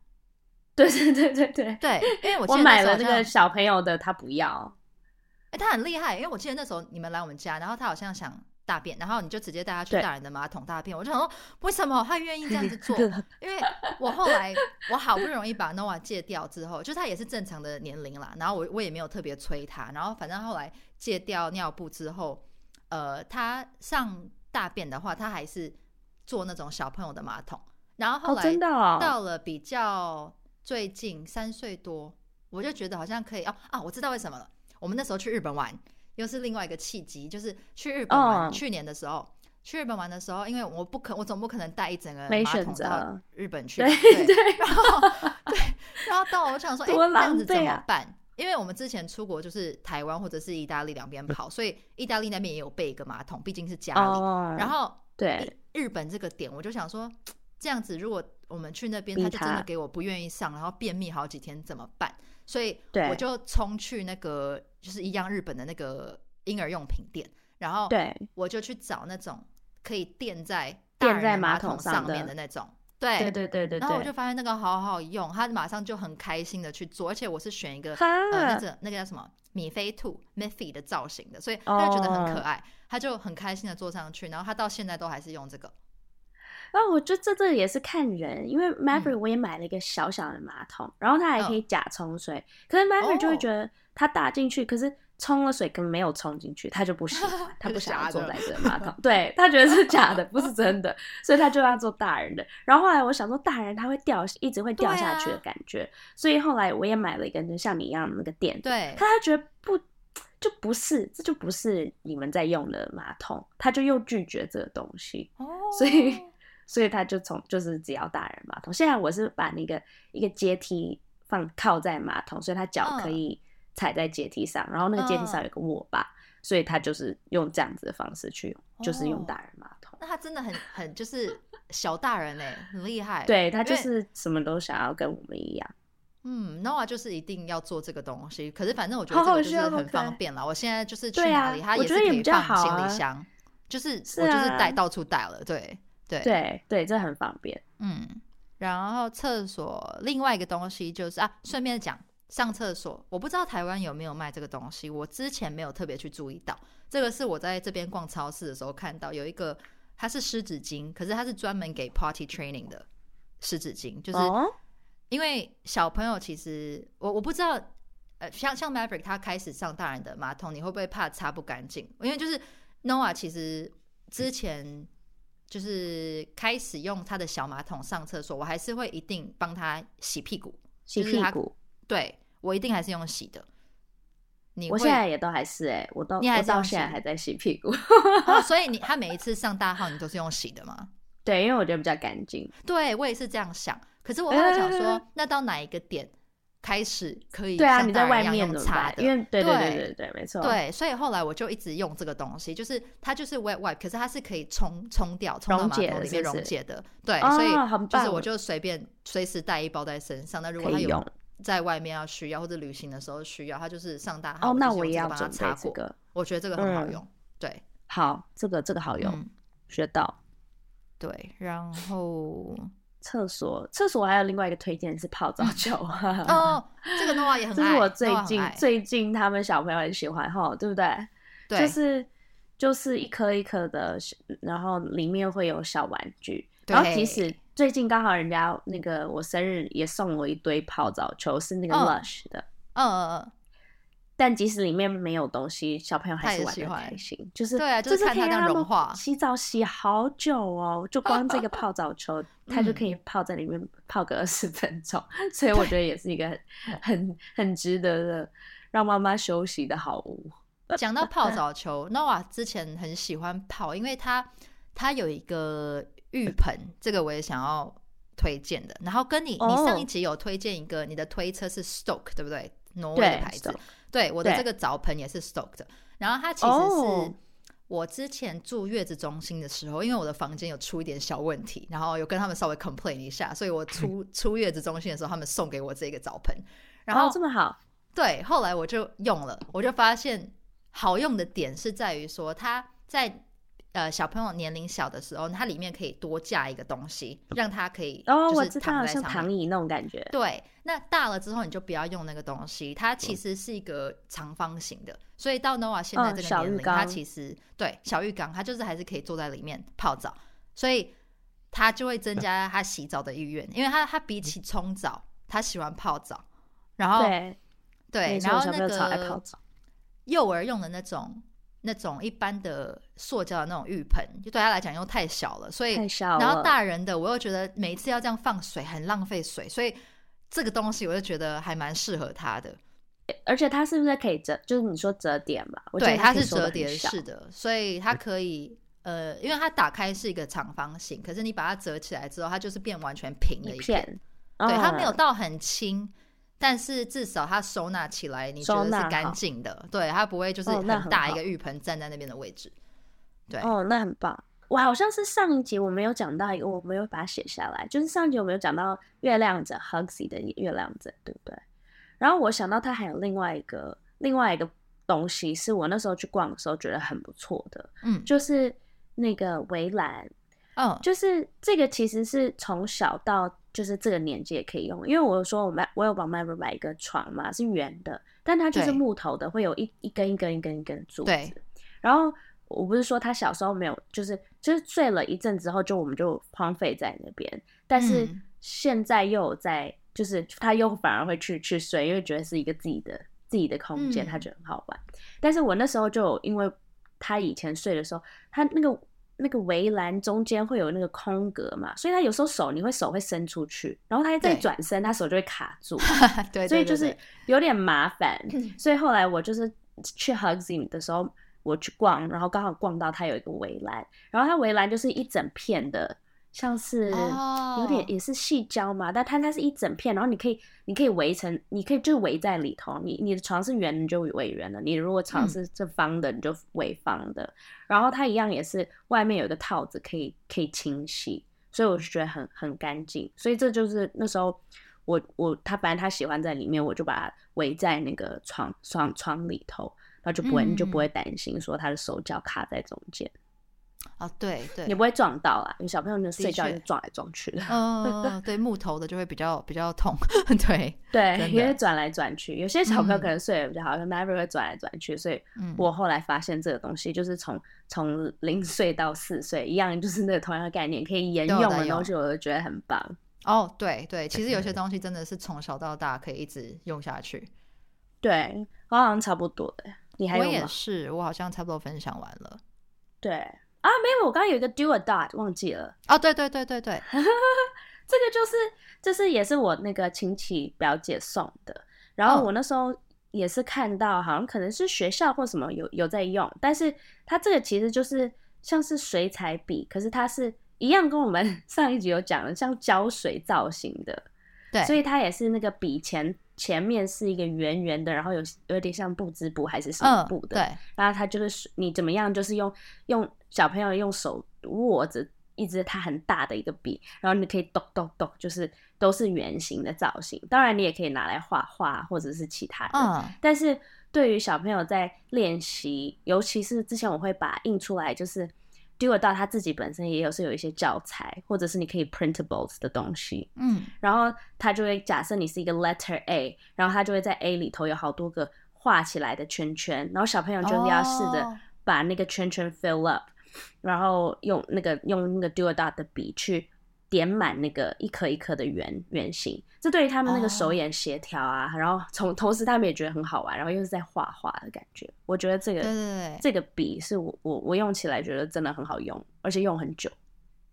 Speaker 1: 對對對對對對，因為我我買了那個小朋友的，他不要。
Speaker 2: 哎、欸，他很厲害，因為我記得那時候你們來我們家，然後他好像想大便，然後你就直接帶他去大人的馬桶大便。對我就想說，為什麼他願意這樣子做？ 因為我後來我好不容易把 Noah 戒掉之後，就是、他也是正常的年齡啦。然後我我也沒有特別催他。然後反正後來戒掉尿布之後，呃，他上大便的話，他還是坐那種小朋友的馬桶。然後後來到了比較。最近三歲多，我就覺得好像可以哦啊,啊！我知道為什麼了。我們那時候去日本玩，又是另外一個契機，就是去日本玩。Oh. 去年的時候去日本玩的時候，因為我不可，我總不可能帶一整個馬桶到日本去。對對,對，然後對，然後到我想說，哎、 啊欸，這樣子怎麼辦？因為我們之前出國就是台灣或者是意大利兩邊跑，所以意大利那邊也有備一個馬桶，畢竟是家裡。Oh. 然後對日本這個點，我就想說。這樣子，如果我們去那邊，他，他就真的給我不願意上，然後便秘好幾天怎麼辦？所以我就衝去那個對就是一樣日本的那個嬰兒用品店，然後對我就去找那種可以墊在大人馬桶上面的那種，對對，對對對對。然後我就發現那個好，好好用，他馬上就很開心的去做，而且我是選一個哈 呃那個那個叫什麼哈 米菲兔米菲的造型的，所以他就覺得很可愛，哦、他就很開心的坐上去，然後他
Speaker 1: 到現在都還是用這個。啊，但我覺得這，這也是看人，因為 Maver 我也買了一個小小的馬桶，嗯、然後他還可以假沖水。哦、可是 Maver 就會覺得他大進去，哦、可是沖了水根本沒有沖進去，他就不喜歡，他不想要坐在這馬桶。對，他覺得是假的， 不是真的，所以他就要做大人的。然後後來我想說大人他會掉，一直會掉下去的感覺，啊、所以後來我也買了一個像你一樣的那個墊。對，他覺得不就不是，這就不是你們在用的馬桶，他就又拒絕這個東西。哦，所以。所以他就從，就是只要大人馬桶。現在我是把那個一個階梯放靠在馬桶，所以他腳可以踩在階梯上，然後那個階梯上有個握把，所以他就是用這樣子的方式去，就是用大人馬
Speaker 2: 桶。那他真的很很就是小大人嘞，很厲害。對，他就是
Speaker 1: 什麼都想要跟我們一樣。
Speaker 2: 嗯，Noa 就是一定要做這個東西。可是反正我覺得這個就是很方便啦。我現在就是去哪裡，他也是可以放行李箱，就是我就是帶到處帶了，對。對對，對，這很方便。嗯，然後廁所另外一個東西就是啊，順便講上廁所，我不知道台灣有沒有賣這個東西，我之前沒有特別去注意到。這個是我在這邊逛超市的時候看到，有一個它是濕紙巾，可是它是專門給 potty training 的濕紙巾，就是、oh? 因為小朋友其實我我不知道，呃，像像 Maverick 他開始上大人的馬桶，你會不會怕擦不乾淨？因為就是 Nova、ah、其實之前、嗯。就是開始用他的小馬桶上廁所，我還是會一定幫他洗屁股，就是、洗屁股，對我一定還是用洗的。
Speaker 1: 你會我現在也都還是哎、欸，我都你還是我到現在還在洗屁股，
Speaker 2: 哦、所以你他每一次上大號，你都是用洗的嗎？
Speaker 1: 對，因為我覺得比較乾淨。
Speaker 2: 對我也是這樣想，可是我在想說，欸欸欸那到哪一個點？開始可以像大人一樣用擦的，因為對對對對
Speaker 1: 對，沒錯。對，
Speaker 2: 所以後來我就一直用這個東西，就是它就是 wet wipe，可是它是可以沖沖掉，沖到馬桶裡面溶解的。對，所以就是我就隨便隨時帶一包在身上。那如果它有在外面要需要，或者旅行的時候需要，它就是上大號哦，那我也要準備這個。我覺得這個很好用，對，好，這個這個好用，
Speaker 1: 學到。對，然後。廁所，廁所還有另外一個推薦是泡澡球。 哦，這個的話也很這是我最近最近他們小朋友很喜歡齁，對不對？對、就是，就是就是一顆一顆的，然後裡面會有小玩具。對然後其實最近剛好人家那個我生日也送我一堆泡澡球，是那個 Lush 的。哦呃但即使裡面沒有東西，小朋友還是玩得開心。就是就是可融化，洗澡洗好久哦，就光這個泡澡球，它就可以泡在裡面泡個二十分鐘，所以我覺得也是一個很很值得的讓媽媽休息的好物。
Speaker 2: 講到泡澡球 Noah 之前很喜歡泡，因為它它有一個浴盆，這個我也想要推薦的。然後跟你你上一集有推薦一個你的推車是 Stoke，對不對？挪威的牌子。對我的這個澡盆也是 stoked，對然後它其實是我之前住月子中心的時候，oh. 因為我的房間有出一點小問題，然後有跟他們稍微 complain 一下，所以我出出月子中心的時候， 他們送給我這個澡盆，然後、oh, 這麼好，對，後來我就用了，我就發現好用的點是在於說它在。呃，小朋友年齡小的時候，它裡面可以多加一個東西，讓他可以就是躺在哦，我知道，像躺椅
Speaker 1: 那種感覺。
Speaker 2: 對，那大了之後你就不要用那個東西，它其實是一個長方形的，嗯、所以到 Noah 現在這個年齡，它其實對小浴缸，它就是還是可以坐在裡面泡澡，所以他就會增加他洗澡的意願，因為他他比起沖澡，嗯、他喜歡泡澡，然後對，對，然後那個幼兒用的那種。那種一般的塑膠的那種浴盆，就對他來講又太小了，所以，然後大人的我又覺得每一次要這樣放水很浪費水，所以這個東西我就覺得還蠻適合他的。而且它是不是可以折？就是
Speaker 1: 你說折疊嘛？對，它是折疊式的，
Speaker 2: 所以它可以呃，因為它打開是一個長方形，可是你把它折起來之後，它就是變完全平了一片，
Speaker 1: 一片 Oh. 對，它沒有
Speaker 2: 到很輕。但是至少它收納起來，你覺得是乾淨的，對，它不會就是很大一個浴盆站在那邊的位置，哦、對。哦，那很棒。我
Speaker 1: 好像是上一集我沒有講到一個，我沒有把它寫下來，就是上一集我沒有講到月亮者 Hugsy 的月亮者，對不對？然後我想到它還有另外一個另外一個東西，是我那時候去逛的時候覺得很不錯的，嗯，就是那個圍欄，哦，就是這個其實是從小到。就是這個年紀也可以用，因為我說我們我有幫麥瑞買一個床嘛，是圓的，但它就是木頭的，對會有一一根一根一根一根的柱子。對然後我不是說他小時候沒有，就是就是睡了一陣之後，就我們就荒廢在那邊，但是現在又在，嗯、就是他又反而會去去睡，因為覺得是一個自己的自己的空間，嗯、他覺得很好玩。但是我那時候就因為他以前睡的時候，他那個。那個圍欄中間會有那個空格嘛，所以他有時候手你會手會伸出去，然後他一轉身，對他手就會卡住， 對、對、對、對，所以就是有點麻煩。所以後來我就是去 Hugzim 的時候，我去逛，嗯、然後剛好逛到他有一個圍欄，然後他圍欄就是一整片的。像是有點也是細膠嘛，oh. 但它它是一整片，然後，你可以你可以圍成，你可以就圍在裡頭。你你的床是圓的，你就圍圓的；你如果床是正方的，嗯、你就圍方的。然後它一樣也是外面有個套子，可以可以清洗，所以我就覺得很很乾淨。所以這就是那時候我我他本來他喜歡在裡面，我就把它圍在那個床床床裡頭，那就不會、嗯、你就不會擔心說他的手腳卡在中間。
Speaker 2: 啊、哦，對對，你不
Speaker 1: 會撞到啊！你小朋友就睡覺也是撞來撞去的確。嗯、 呃，對，木頭的就會
Speaker 2: 比較比較痛，對
Speaker 1: 對，也會對的轉來轉去。有些小朋友可能睡得比較好，就 never、嗯、會轉來轉去。所以我後來發現這個東西，就是從、嗯、從零歲到四歲一樣，就是那個同樣的概念，可以沿用的東西，我都覺得很棒。
Speaker 2: 哦，對對，其實有些東西真的是從小到大可以一直用下去。
Speaker 1: 對，我好像差不多了，
Speaker 2: 你還有嗎？我也是，我好像差不多分享完了。
Speaker 1: 對。啊，沒有，我剛剛有一個 do a dot 忘記了。哦，對對對對對， 這個就是，這、就是也是我那個親戚表姐送的。然後我那時候也是看到，好像可能是學校或什麼有有在用。但是它這個其實就是像是水彩筆，可是它是一樣跟我們上一集有講的，像膠水造型的。對，所以它也是那個筆前前面是一個圓圓的，然後有有點像不織布還是什麼布的。嗯、對，然後它就是你怎麼樣，就是用用。小朋友用手握着一支它很大的一個筆，然後你可以咚咚咚，就是都是圓形的造型。當然，你也可以拿來畫畫或者是其他的。Uh. 但是對於小朋友在練習，尤其是之前我會把印出來，就是丟到他自己本身也有是有一些教材，或者是你可以 printables 的東西。嗯。Mm. 然後他就會假設你是一個 letter A，然後他就會在 A 裡頭有好多個畫起來的圈圈，然後小朋友就一定要試着把那個圈圈 fill up。Oh. 然後用那個用那個 Duo Dot 的筆去點滿那個一顆一顆的圓圓形，這對於他們那個手眼協調啊，oh. 然後從同時他們也覺得很好玩，然後又是在畫畫的感覺。我覺得這個對對對這個筆是我我我用起來覺得真的很好用，而且用很久。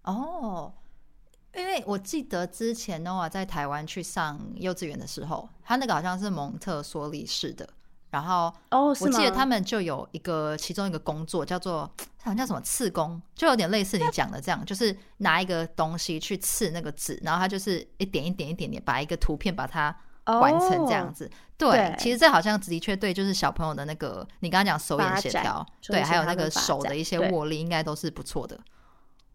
Speaker 2: 哦，oh, 因為我記得之前的話，在台灣去上幼稚園的時候，他那個好像是蒙特梭利式的。然後哦，我記得他們就有一個其中一個工作叫做好像叫什麼刺工，就有點類似你講的這樣，就是拿一個東西去刺那個紙，然後他就是一點一點一點點把一個圖片把它完成這樣子。對，其實這好像的確對，就是小朋友的那個
Speaker 1: 你剛剛講手眼協調，對，還有那個手的一些握
Speaker 2: 力應該都是不錯的。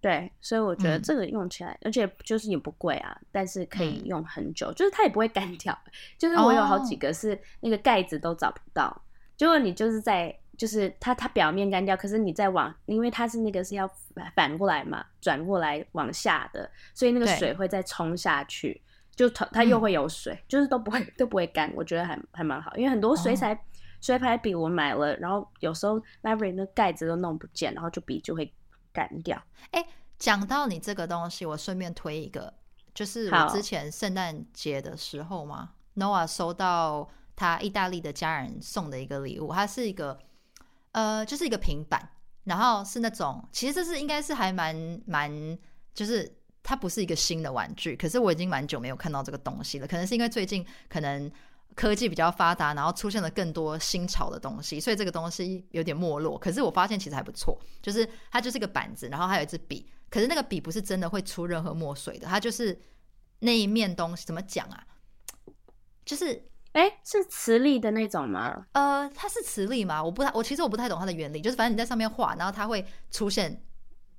Speaker 1: 對，所以我覺得這個用起來，嗯、而且就是也不貴啊，但是可以用很久，嗯、就是它也不會乾掉。就是我有好幾個是那個蓋子都找不到，哦、結果你就是在，就是它它表面乾掉，可是你再往，因為它是那個是要反過來嘛，轉過來往下的，所以那個水會再沖下去，對就它它又會有水，嗯、就是都不會都不會乾。我覺得還還蠻好，因為很多水彩、哦、水彩筆我買了，然後有時候 maybe 那蓋子都弄不見，然後就筆就會乾。乾掉！哎，
Speaker 2: 講到你這個東西，我順便推一個，就是我之前聖誕節的時候嘛好，Noah 收到他意大利的家人送的一個禮物，它是一個呃，就是一個平板，然後是那種，其實這是應該是還蠻蠻，就是它不是一個新的玩具，可是我已經蠻久沒有看到這個東西了，可能是因為最近可能，科技比較發達，然後出現了更多新潮的東西，所以這個東西有點沒落。可是我發現其實還不錯，就是它就是一個板子，然後還有一支筆。可是那個筆不是真的會出任何墨水的，它就是那一面東西怎麼講啊？
Speaker 1: 就是
Speaker 2: 哎、欸，是磁
Speaker 1: 力的那種嗎？呃，它是磁
Speaker 2: 力嗎？我不太，我其實我不太懂它的原理。就是反正你在上面畫，然後它會出現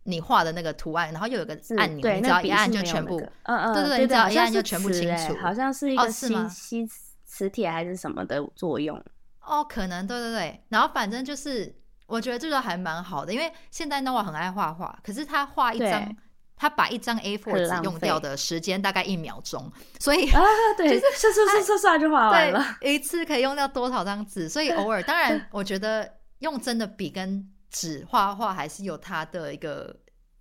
Speaker 2: 你畫的那個圖案，然後又有一個按鈕、嗯，對，你只要一按就全部，嗯嗯，對、那個那個嗯呃、對，對，對，你只要一按就全部清楚。對對對，
Speaker 1: 好像欸、好像是一個信息。哦，是磁鐵還是什麼的作
Speaker 2: 用？哦，可能對對對。然後反正就是，我覺得這個還蠻好的，因為現在呢、no、我很愛畫畫，可是他畫一張，他對把一張 A4 紙用掉的時間大概一秒鐘，所以啊對，唰唰唰唰唰就好、是啊、了。了。一次可以用掉多少張紙？所以偶爾， 當然我覺得用真的筆跟紙畫畫還是有它的一個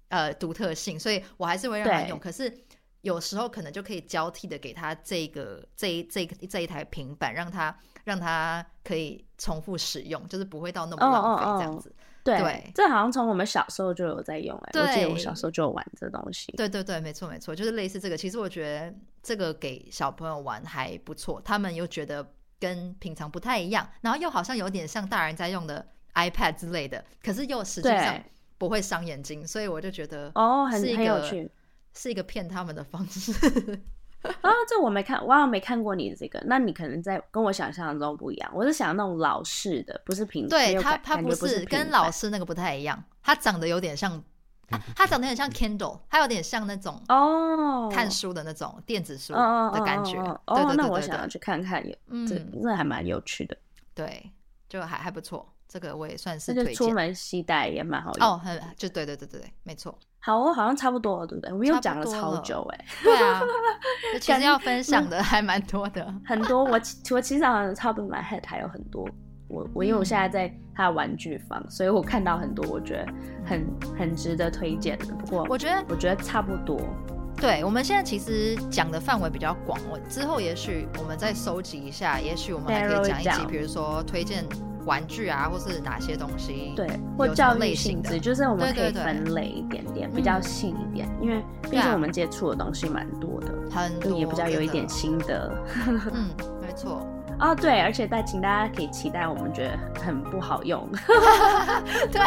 Speaker 2: 呃獨特性，所以我還是會讓他用。對可是。有時候可能就可以交替的給他這一個這一這一這一台平板，讓他讓他可以重複使用，就是不會到那麼浪費這樣子。Oh, oh, oh.
Speaker 1: 對，對這好像從我們小時候就有在用，對，我記得我小時候就有玩這東西。
Speaker 2: 對對對，沒錯沒錯，就是類似這個。其實我覺得這個給小朋友玩還不錯，他們又覺得跟平常不太一樣，然後又好像有點像大人在用的 iPad 之類的，可是又實際上不會傷眼睛，對所以我就覺得哦，是一個。Oh, 很，很有趣。是一個騙他們的方式
Speaker 1: 啊、哦！這我沒看，我好像沒看過你這個。那你可能在跟我想象中不一樣。我是想要那種老式的，不是平。對他，它不是跟老式那個不太一樣。他長得有點像，
Speaker 2: 啊、他長得很像 Kindle，它 有點像那種哦，看書的那種電子書的感覺。哦，那我想要
Speaker 1: 去看看，嗯，這還蠻有趣的。
Speaker 2: 對，就還還不錯。這個我也算是推，那就出門
Speaker 1: 攜帶也蠻好的哦，很、oh,
Speaker 2: 就對對對對對，沒錯。
Speaker 1: 好、哦，我好像差不多了，對不對？不我們又講了超久哎、欸，
Speaker 2: 對啊， 其實要分享的
Speaker 1: 還蠻多的，嗯、 很多。我我其實好像差不多 my head 還有很多。我我因為我現在在他的玩具房，嗯、所以我看到很多我覺得很、嗯、很值得推薦的。不過我覺得我覺得差不多。對，我們現在其實講的範圍比較廣，我
Speaker 2: 之後也許我們再搜集一下，也許我們還可以講一集，嗯、比如說推薦。玩
Speaker 1: 具啊，或是
Speaker 2: 哪些東西？
Speaker 1: 對，或教育性質，就是我們可以分類一點點，比較細一點。因為畢竟我們接觸的東西蠻多的，很也比較有一點心得。嗯，
Speaker 2: 沒錯。
Speaker 1: 啊，對，而且再請大家可以期待，我們覺得很不好用，對，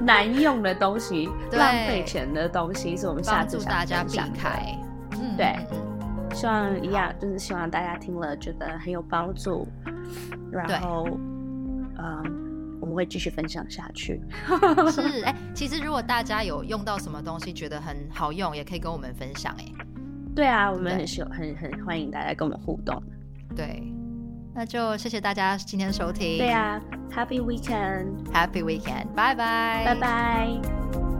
Speaker 1: 難用的東西，浪費錢的東西，是我們下次想給大家避開。嗯，對，希望一樣，就是希望大家聽了覺得很有幫助，然後。Um, 我們會繼續分享下去。
Speaker 2: 是哎、欸，其實如果大家有用到什麼東西，覺得很好用，也可以跟我們分享哎。
Speaker 1: 對啊，我們很喜歡對很，很歡迎大家跟我們互動。對，
Speaker 2: 那就謝謝大家今天收聽。對啊
Speaker 1: ，Happy weekend，Happy weekend，拜拜，拜拜。Bye bye。